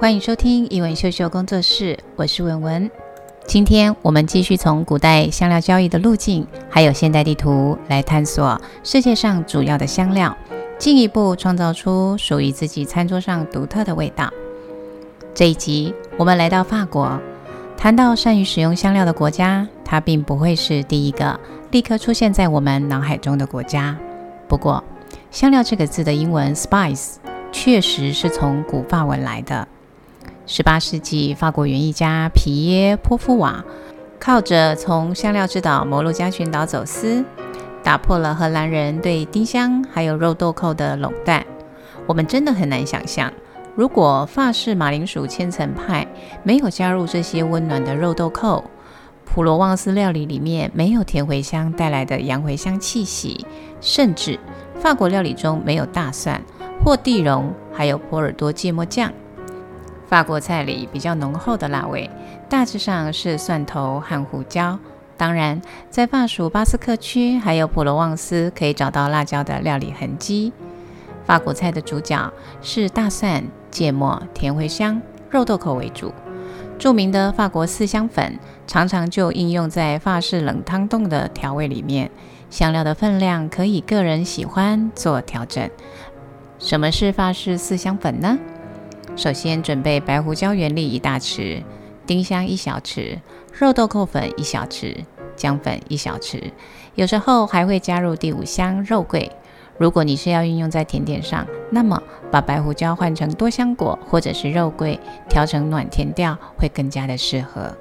歡迎收聽英文秀秀工作室，我是文文。今天我們繼續從古代香料交易的路徑，還有現代地圖來探索世界上主要的香料，進一步創造出屬於自己餐桌上獨特的味道。這一集我們來到法國，談到善於使用香料的國家，它並不會是第一個立刻出現在我們腦海中的國家。不過，香料這個字的英文 spice 確實是從古法文來的。18世紀，法國園藝家皮耶·波夫瓦靠着從香料之島摩鹿加群島走私，打破了荷蘭人對丁香還有肉豆蔻的壟斷。我們真的很難想象，如果法式馬鈴薯千層派沒有加入這些溫暖的肉豆蔻，普羅旺斯料理裡面沒有甜茴香帶來的洋茴香氣息，甚至法國料理中沒有大蒜或第戎，還有波爾多芥末醬。法國菜裡比較濃厚的辣味，大致上是蒜頭和胡椒。當然，在法屬巴斯克區還有普羅旺斯，可以找到辣椒的料理痕跡。法國菜的主角是大蒜、芥末、甜茴香、肉豆蔻為主。著名的法國四香粉常常就應用在法式冷湯凍的調味裡面。香料的分量可以個人喜歡做調整。什麼是法式四香粉呢？首先準備白胡椒原粒一大匙，丁香一小匙，肉豆蔻粉一小匙，薑粉一小匙。有時候還會加入第五香肉桂。如果你是要運用在甜點上，那麼把白胡椒換成多香果或者是肉桂，調成暖甜調會更加的適合。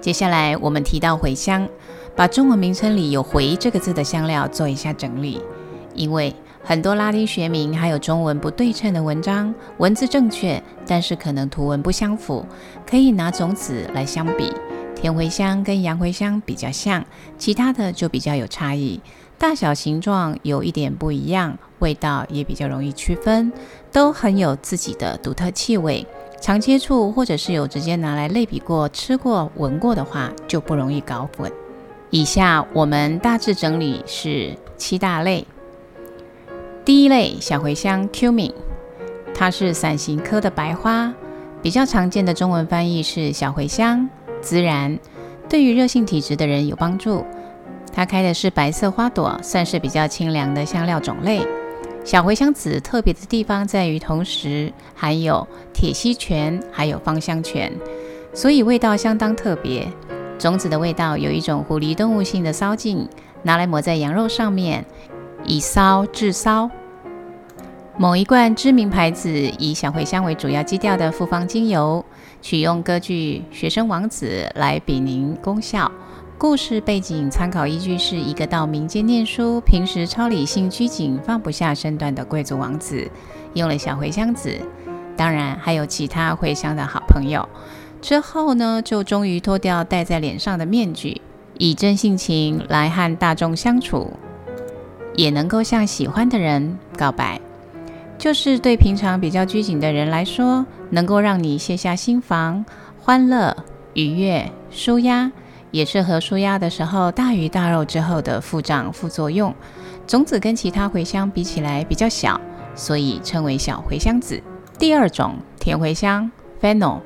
接下來我們提到茴香，把中文名稱裡有“茴”這個字的香料做一下整理，因為。很多拉丁學名還有中文不對稱的文章，文字正確，但是可能圖文不相符。可以拿種子來相比，甜茴香跟洋茴香比較像，其他的就比較有差異。大小形狀有一點不一樣，味道也比較容易區分，都很有自己的獨特氣味。常接觸或者是有直接拿來類比過、吃過、聞過的話，就不容易搞混。以下我們大致整理是七大類。第一類，小茴香 （cumin），它是傘形科的白花，比較常見的中文翻譯是小茴香、孜然，對於熱性體質的人有幫助。它開的是白色花朵，算是比較清涼的香料種類。小茴香籽特別的地方在於，同時含有萜烯醛還有芳香醛，所以味道相當特別。種子的味道有一種狐狸動物性的騷勁，拿來抹在羊肉上面，以騷治騷。某一罐知名牌子以小茴香為主要基調的複方精油，取用歌劇學生王子來比擬功效。故事背景參考依據是一個到民間念書，平時超理性拘謹、放不下身段的貴族王子，用了小茴香子。當然還有其他茴香的好朋友。之後呢，就終於脫掉戴在臉上的面具，以真性情來和大眾相處，也能夠向喜歡的人告白。就是對平常比較拘謹的人來說，能夠讓你卸下心防、歡樂、愉悅、舒壓，也是和舒壓的時候大魚大肉之後的腹脹副作用。種子跟其他茴香比起來比較小，所以稱為小茴香籽。第二種甜茴香 Fennel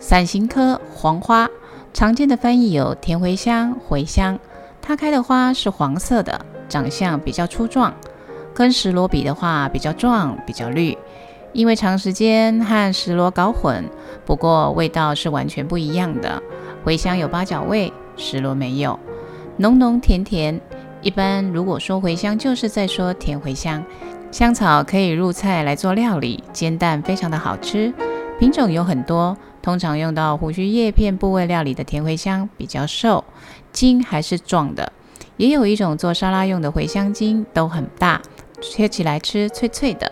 傘形科黃花，常見的翻譯有甜茴香、茴香，它開的花是黃色的，長相比較粗壯。跟蒔蘿比的話，比較壯，比較綠。因為長時間和蒔蘿搞混，不過味道是完全不一樣的。茴香有八角味，蒔蘿沒有，濃濃甜甜。一般如果說茴香，就是在說甜茴香。香草可以入菜來做料理，煎蛋非常的好吃。品種有很多，通常用到鬍鬚葉片部位料理的甜茴香比較瘦，莖還是壯的。也有一種做沙拉用的茴香莖都很大。切起來吃脆脆的，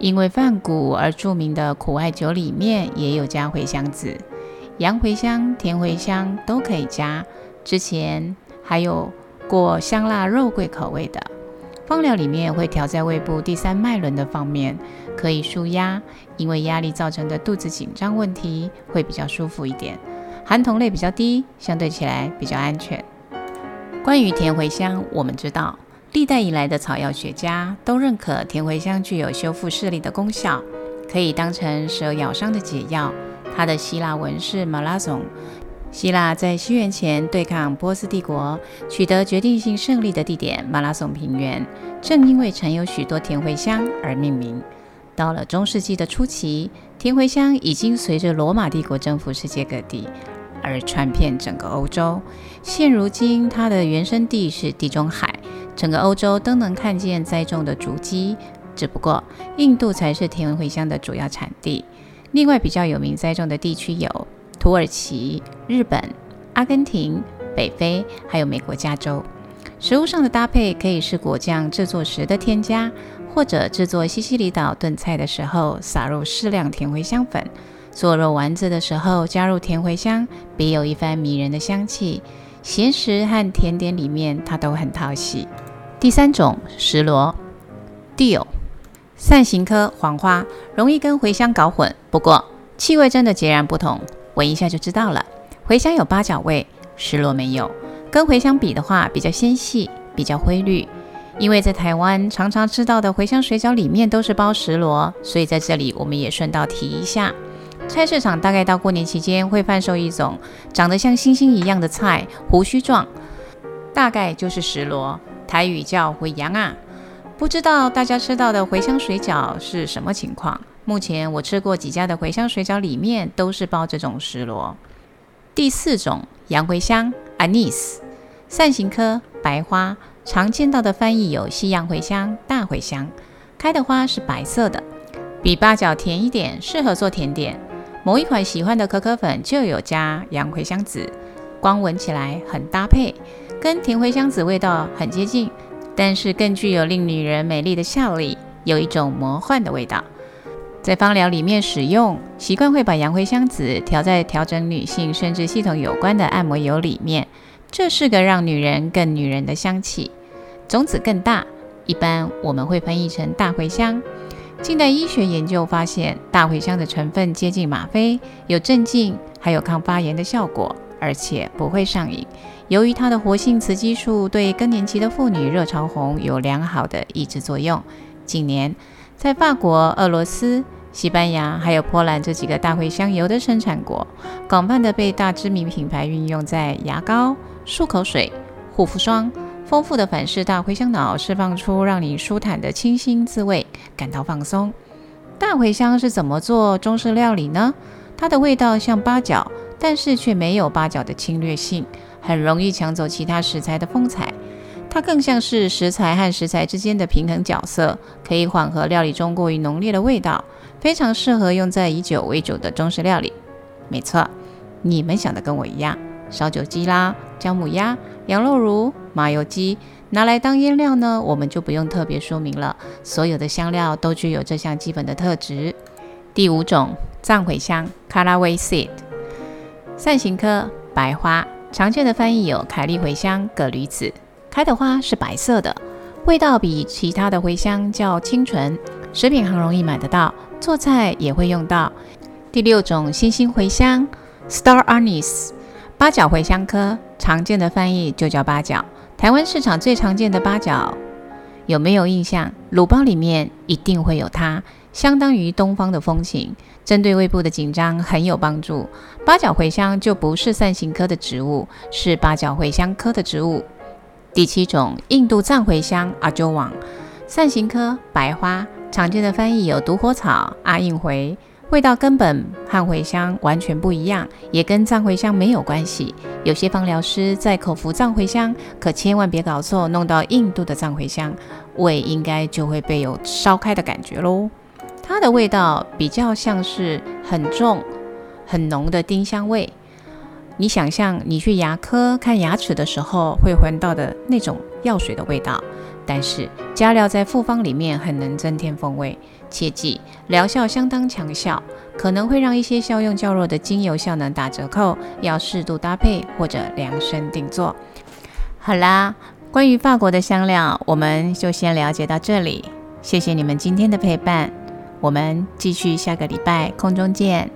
因為梵谷而著名的苦艾酒裡面也有加茴香籽，洋茴香、甜茴香都可以加。之前還有過香辣肉桂口味的，芳療裡面會調在胃部第三脈輪的方面，可以舒壓，因為壓力造成的肚子緊張問題會比較舒服一點。含酮類比較低，相對起來比較安全。關於甜茴香，我們知道。歷代以來的草藥學家都認可甜茴香具有修復視力的功效，可以當成蛇咬傷的解藥。它的希臘文是馬拉松。希臘在西元前對抗波斯帝國取得決定性勝利的地點——馬拉松平原，正因為曾有許多甜茴香而命名。到了中世紀的初期，甜茴香已經隨着羅馬帝國征服世界各地而傳遍整個歐洲。現如今，它的原生地是地中海。整個歐洲都能看見栽種的足跡，只不過印度才是甜茴香的主要產地。另外比較有名栽種的地區有土耳其、日本、阿根廷、北非，還有美國加州。食物上的搭配可以是果醬制作時的添加，或者制作西西里島燉菜的時候撒入適量甜茴香粉，做肉丸子的時候加入甜茴香，別有一番迷人的香氣。鹹食和甜點裡面它都很討喜。第三種蒔蘿，dill，傘形科黃花，容易跟茴香搞混，不過氣味真的截然不同，聞一下就知道了。茴香有八角味，蒔蘿沒有。跟茴香比的話，比較纖細，比較灰綠。因為在台灣常常吃到的茴香水餃裡面都是包蒔蘿，所以在這裡我們也順道提一下。菜市場大概到過年期間會販售一種長得像星星一樣的菜，胡鬚狀，大概就是蒔蘿。台語叫茴香啊，不知道大家吃到的茴香水餃是什麼情況？目前我吃過幾家的茴香水餃，裡面都是包這種蒔蘿。第四種，洋茴香 （Anise），傘形科，白花，常見到的翻譯有西洋茴香、大茴香，開的花是白色的，比八角甜一點，適合做甜點。某一款喜歡的可可粉就有加洋茴香籽，光聞起來很搭配。跟甜茴香籽味道很接近，但是更具有令女人美麗的效力，有一種魔幻的味道。在芳療裡面使用，習慣會把洋茴香籽調在調整女性生殖系統有關的按摩油裡面。這是個讓女人更女人的香氣，種子更大，一般我們會翻譯成大茴香。近代醫學研究發現，大茴香的成分接近嗎啡，有鎮靜，還有抗發炎的效果，而且不會上癮。由於它的活性雌激素對更年期的婦女熱潮紅有良好的抑制作用，近年在法國、俄羅斯、西班牙還有波蘭這幾個大茴香油的生產國，廣泛的被大知名品牌運用在牙膏、漱口水、護膚霜。豐富的反式大茴香腦釋放出讓你舒坦的清新滋味，感到放鬆。大茴香是怎麼做中式料理呢？它的味道像八角，但是卻沒有八角的侵略性。很容易搶走其他食材的風采，它更像是食材和食材之間的平衡角色，可以緩和料理中過於濃烈的味道，非常適合用在以酒為主的中式料理。沒錯，你們想的跟我一樣，燒酒雞啦，薑母鴨，羊肉爐，麻油雞，拿來當醃料呢，我們就不用特別說明了。所有的香料都具有這項基本的特質。第五種，藏茴香 c 拉 r a w a y Seed），傘形科，白花。常見的翻譯有凱利茴香、葛縷子，開的花是白色的，味道比其他的茴香較清純，食品行容易買得到，做菜也會用到。第六種星星茴香 （Star Anise），八角茴香科，常見的翻譯就叫八角，台灣市場最常見的八角。有沒有印象？滷包裡面一定會有它，相當於東方的風情，針對胃部的緊張很有幫助。八角茴香就不是傘形科的植物，是八角茴香科的植物。第七種，印度藏茴香，阿鳩王。傘形科，白花，常見的翻譯有毒火草、阿印茴。味道根本和茴香完全不一樣，也跟藏茴香沒有關係。有些芳療師在口服藏茴香，可千萬別搞錯，弄到印度的藏茴香，味應該就會被有燒開的感覺咯。它的味道比較像是很重、很濃的丁香味。你想象你去牙科看牙齒的時候會聞到的那種藥水的味道，但是加料在複方裡面很能增添風味。切記，療效相當強效，可能會讓一些效用較弱的精油效能打折扣，要適度搭配或者量身定做。好啦，關於法國的香料，我們就先了解到這裡。謝謝你們今天的陪伴，我們繼續下個禮拜空中見。